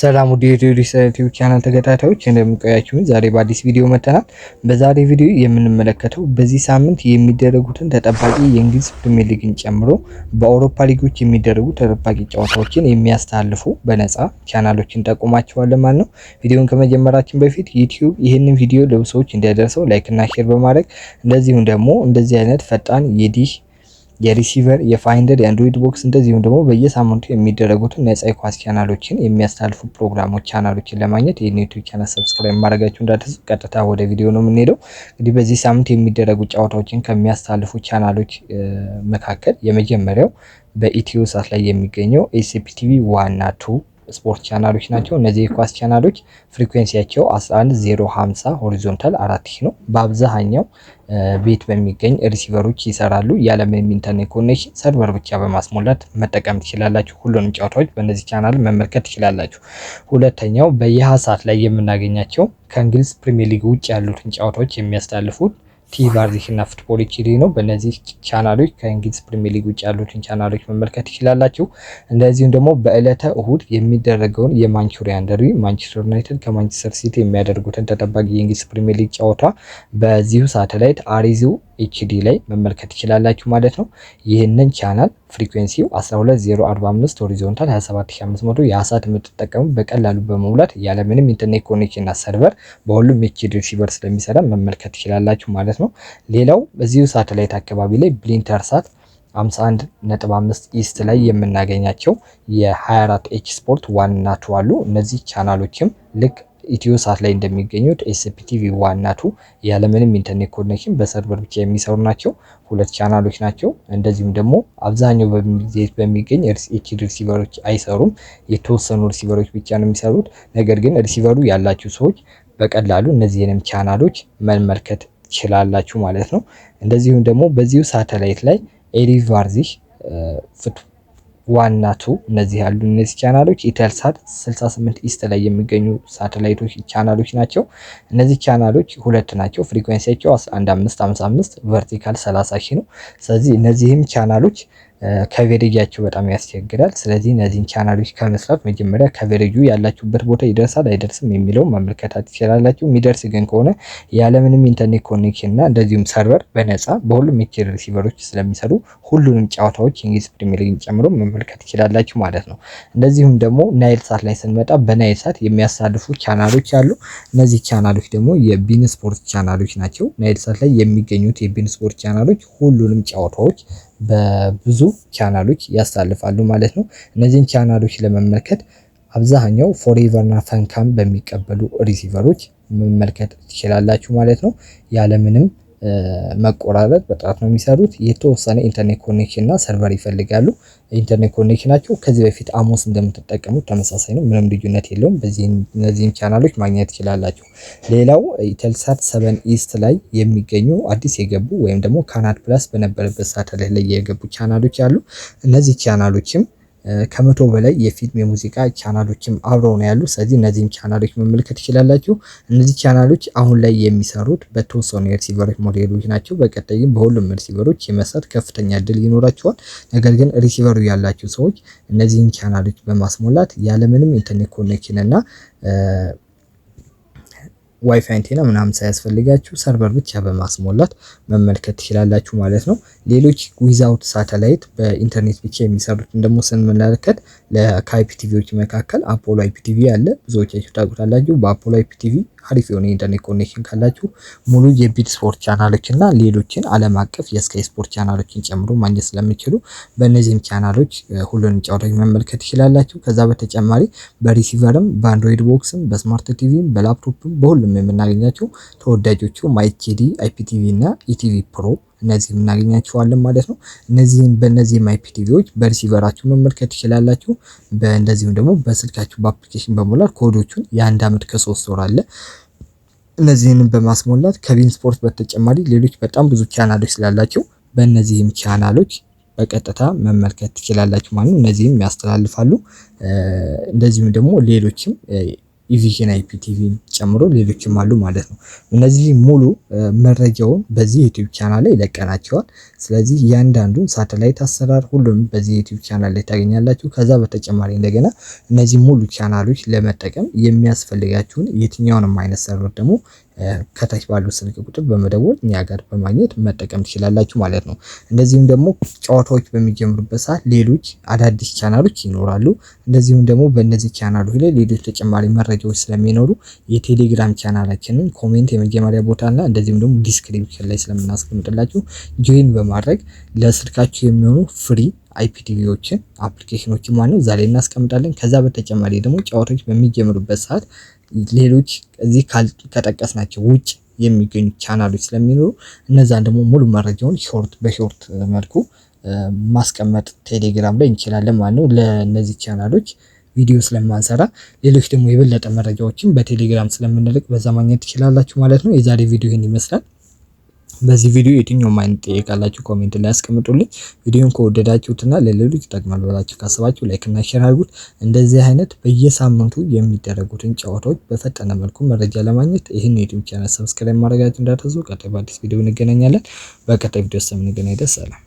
ሰላም ውድ የቴዎድስ ዩቲዩብ ቻናል ተከታታዮች እንደምንቆያችሁን፣ ዛሬ በአዲስ ቪዲዮ መጥተናል። በዛሬ ቪዲዮ የምንመለከተው በዚህ ሳምንት የሚደረጉትን ተጠባቂ የእንግሊዝ ፕሪሚየር ሊግን ጨምሮ በአውሮፓ ሊጎች የሚደረጉ ተጠባቂ ጨዋታዎችን የሚያስተላልፉ በነፃ ቻናሎችን ጠቁማቸዋለን ማለት ነው። ቪዲዮን ከመጀመራችን በፊት ዩቲዩብ ይህንን ቪዲዮ ለብዙ ሰዎች እንዲያደርሰው ላይክና ሼር በማድረግ እንደዚሁም ደግሞ እንደዚህ አይነት ፈጣን የዲህ የሪሲቨር የፋይንደር የአንድሮይድ ቦክስ እንደዚሁም ደግሞ በየሳምንቱ የሚደረጉትን ነጻ የኳስ ቻናሎችን የሚያስተላልፉ ፕሮግራሞች ቻናሎችን ለማግኘት ይህን ዩቱብ ቻናል ሰብስክራይብ ማድረጋችሁ እንዳትረሱ። ቀጥታ ወደ ቪዲዮ ነው የምንሄደው። እንግዲህ በዚህ ሳምንት የሚደረጉ ጨዋታዎችን ከሚያስተላልፉ ቻናሎች መካከል የመጀመሪያው በኢትዮ ሳት ላይ የሚገኘው ኤስፒቲቪ ዋና ቱ ስፖርት ቻናሎች ናቸው። እነዚህ የኳስ ቻናሎች ፍሪኩዌንሲያቸው 11050 ሆሪዞንታል 4000 ነው። በአብዛኛው ቤት በሚገኝ ሪሲቨሮች ይሰራሉ። ያለምንም ኢንተርኔት ኮኔክሽን ሰርቨር ብቻ በማስሞላት መጠቀም ትችላላችሁ። ሁሉንም ጨዋታዎች በእነዚህ ቻናል መመልከት ትችላላችሁ። ሁለተኛው በየሀ ሰዓት ላይ የምናገኛቸው ከእንግሊዝ ፕሪሚየር ሊግ ውጭ ያሉትን ጨዋታዎች የሚያስተላልፉት ቲቪ አርዲሲ እና ፉትቦል ኤችዲ ነው። በእነዚህ ቻናሎች ከእንግሊዝ ፕሪሚየር ሊግ ውጭ ያሉትን ቻናሎች መመልከት ይችላላችሁ። እንደዚሁም ደግሞ በእለተ እሁድ የሚደረገውን የማንቹሪያን ደርቢ ማንቸስተር ዩናይትድ ከማንቸስተር ሲቲ የሚያደርጉትን ተጠባቂ የእንግሊዝ ፕሪሚየር ሊግ ጨዋታ በዚሁ ሳተላይት አሪዚው ኤችዲ ላይ መመልከት ትችላላችሁ ማለት ነው። ይህንን ቻናል ፍሪኩዌንሲው 12045 ሆሪዞንታል 27500 የአሳት የምትጠቀሙ በቀላሉ በመሙላት ያለምንም ኢንተርኔት ኮኔክሽን እና ሰርቨር በሁሉም ኤችዲ ሪሲቨር ስለሚሰራ መመልከት ትችላላችሁ ማለት ነው። ሌላው በዚሁ ሳተላይት አካባቢ ላይ ብሊንተር ሳት 51.5 ኢስት ላይ የምናገኛቸው የ24 ኤች ስፖርት ዋን አሉ። እነዚህ ቻናሎችም ልክ ኢትዮ ሳት ላይ እንደሚገኙት ኤስፒቲቪ ዋና ቱ ያለምንም ኢንተርኔት ኮኔክሽን በሰርቨር ብቻ የሚሰሩ ናቸው። ሁለት ቻናሎች ናቸው። እንደዚሁም ደግሞ አብዛኛው በሚዜት በሚገኝ ኤች ሪሲቨሮች አይሰሩም። የተወሰኑ ሪሲቨሮች ብቻ ነው የሚሰሩት። ነገር ግን ሪሲቨሩ ያላችሁ ሰዎች በቀላሉ እነዚህንም ቻናሎች መመልከት ችላላችሁ ማለት ነው። እንደዚሁም ደግሞ በዚሁ ሳተላይት ላይ ኤሪቫርዚሽ ፍቱ ዋናቱ እነዚህ ያሉ እነዚህ ቻናሎች ኢተልሳት 68 ኢስት ላይ የሚገኙ ሳተላይቶች ቻናሎች ናቸው። እነዚህ ቻናሎች ሁለት ናቸው። ፍሪኩዌንሲያቸው 1555 ቨርቲካል 30 ሺ ነው። ስለዚህ እነዚህም ቻናሎች ከቬሬጃቸው በጣም ያስቸግራል። ስለዚህ እነዚህን ቻናሎች ከመስራት መጀመሪያ ከቬሬጁ ያላችሁበት ቦታ ይደርሳል አይደርስም የሚለው መመልከታት ትችላላችሁ። የሚደርስ ግን ከሆነ ያለምንም ኢንተርኔት ኮኔክሽን እና እንደዚሁም ሰርቨር በነፃ በሁሉም ሜቴር ሪሲቨሮች ስለሚሰሩ ሁሉንም ጨዋታዎች እንግሊዝ ፕሪሚየር ሊግን ጨምሮ መመልከት ይችላላችሁ ማለት ነው። እንደዚሁም ደግሞ ናይል ሳት ላይ ስንመጣ በናይል ሳት የሚያሳልፉ ቻናሎች አሉ። እነዚህ ቻናሎች ደግሞ የቢን ስፖርት ቻናሎች ናቸው። ናይል ሳት ላይ የሚገኙት የቢን ስፖርት ቻናሎች ሁሉንም ጨዋታዎች በብዙ ቻናሎች ያሳልፋሉ ማለት ነው። እነዚህን ቻናሎች ለመመልከት አብዛኛው ፎሬቨር እና ፈንካም በሚቀበሉ ሪሲቨሮች መመልከት ትችላላችሁ ማለት ነው ያለምንም መቆራረጥ በጥራት ነው የሚሰሩት። የተወሰነ ኢንተርኔት ኮኔክሽን እና ሰርቨር ይፈልጋሉ። ኢንተርኔት ኮኔክሽናቸው ከዚህ በፊት አሞስ እንደምትጠቀሙት ተመሳሳይ ነው፣ ምንም ልዩነት የለውም። እነዚህም ቻናሎች ማግኘት ይችላላችሁ። ሌላው ኢተልሳት ሰቨን ኢስት ላይ የሚገኙ አዲስ የገቡ ወይም ደግሞ ካናድ ፕላስ በነበረበት ሳተላይት ላይ የገቡ ቻናሎች አሉ። እነዚህ ቻናሎችም ከመቶ በላይ የፊልም የሙዚቃ ቻናሎችም አብረው ነው ያሉ። ስለዚህ እነዚህን ቻናሎች መመልከት ይችላላችሁ። እነዚህ ቻናሎች አሁን ላይ የሚሰሩት በተወሰኑ የሪሲቨሮች ሞዴሎች ናቸው። በቀጣይም በሁሉም ሪሲቨሮች የመስራት ከፍተኛ እድል ይኖራቸዋል። ነገር ግን ሪሲቨሩ ያላቸው ሰዎች እነዚህን ቻናሎች በማስሞላት ያለምንም ኢንተርኔት ኮኔክሽን እና ዋይፋይ አንቴና ምናምን ሳያስፈልጋችሁ ሰርቨር ብቻ በማስሞላት መመልከት ትችላላችሁ ማለት ነው። ሌሎች ዊዛውት ሳተላይት በኢንተርኔት ብቻ የሚሰሩትን ደግሞ ስንመለከት ከአይፒቲቪዎች መካከል አፖሎ አይፒቲቪ አለ። ብዙዎቻችሁ ታውቁታላችሁ። በአፖሎ አይፒቲቪ አሪፍ የሆነ የኢንተርኔት ኮኔክሽን ካላችሁ ሙሉ የቢድ ስፖርት ቻናሎች እና ሌሎችን ዓለም አቀፍ የስካይ ስፖርት ቻናሎችን ጨምሮ ማግኘት ስለምችሉ በእነዚህም ቻናሎች ሁሉንም ጨዋታዎች መመልከት ይችላላችሁ። ከዛ በተጨማሪ በሪሲቨርም በአንድሮይድ ቦክስም በስማርት ቲቪም በላፕቶፕም በሁሉም የምናገኛቸው ተወዳጆቹ ማይቲዲ፣ አይፒቲቪ እና ኢቲቪ ፕሮ እነዚህ እናገኛቸዋለን ማለት ነው። እነዚህን በእነዚህ ማይፒቲቪዎች በሪሲቨራችሁ መመልከት ትችላላችሁ። እንደዚሁም ደግሞ በስልካችሁ በአፕሊኬሽን በሞላት ኮዶቹን የአንድ አመት ከሶስት ወር አለ። እነዚህንም በማስሞላት ከቢን ስፖርት በተጨማሪ ሌሎች በጣም ብዙ ቻናሎች ስላላቸው በእነዚህም ቻናሎች በቀጥታ መመልከት ትችላላችሁ ማለት ነው። እነዚህም ያስተላልፋሉ። እንደዚሁም ደግሞ ሌሎችም ኢቪዥን አይፒቲቪ ጨምሮ ሌሎችም አሉ ማለት ነው። እነዚህ ሙሉ መረጃውን በዚህ ዩቲዩብ ቻናል ላይ ይለቀናቸዋል። ስለዚህ እያንዳንዱን ሳተላይት አሰራር ሁሉም በዚህ ዩቲዩብ ቻናል ላይ ታገኛላችሁ። ከዛ በተጨማሪ እንደገና እነዚህ ሙሉ ቻናሎች ለመጠቀም የሚያስፈልጋችሁን የትኛውንም አይነት ሰርቨር ደግሞ ከታች ባለው ስልክ ቁጥር በመደወል እኛ ጋር በማግኘት መጠቀም ትችላላችሁ ማለት ነው። እንደዚሁም ደግሞ ጨዋታዎች በሚጀምሩበት ሰዓት ሌሎች አዳዲስ ቻናሎች ይኖራሉ። እንደዚሁም ደግሞ በእነዚህ ቻናሎች ላይ ሌሎች ተጨማሪ መረጃዎች ስለሚኖሩ ቴሌግራም ቻናላችንን ኮሜንት የመጀመሪያ ቦታ እና እንደዚሁም ደግሞ ዲስክሪፕሽን ላይ ስለምናስቀምጥላችሁ ጆይን በማድረግ ለስልካችሁ የሚሆኑ ፍሪ አይፒቲቪዎችን አፕሊኬሽኖችን ማለት ነው ዛሬ እናስቀምጣለን። ከዛ በተጨማሪ ደግሞ ጨዋታዎች በሚጀምሩበት ሰዓት ሌሎች እዚህ ከጠቀስናቸው ውጭ የሚገኙ ቻናሎች ስለሚኖሩ እነዛን ደግሞ ሙሉ መረጃውን ሾርት በሾርት መልኩ ማስቀመጥ ቴሌግራም ላይ እንችላለን ማለት ነው ለእነዚህ ቻናሎች ቪዲዮ ስለማንሰራ ሌሎች ደግሞ የበለጠ መረጃዎችን በቴሌግራም ስለምንልቅ በዛ ማግኘት ትችላላችሁ ማለት ነው። የዛሬ ቪዲዮ ይህን ይመስላል። በዚህ ቪዲዮ የትኛውም አይነት ጥያቄ ኮሜንት ላይ ያስቀምጡልኝ። ቪዲዮን ከወደዳችሁትና ለሌሎች ይጠቅማል ብላችሁ ካስባችሁ ላይክ እና ሼር አድርጉት። እንደዚህ አይነት በየሳምንቱ የሚደረጉትን ጨዋታዎች በፈጠነ መልኩ መረጃ ለማግኘት ይህን የዩቲዩብ ቻናል ሰብስክራይብ ማድረጋችሁ እንዳትረሱ። ቀጣይ በአዲስ ቪዲዮ እንገናኛለን። በቀጣይ ቪዲዮ እስከምንገናኝ ደስ አለን።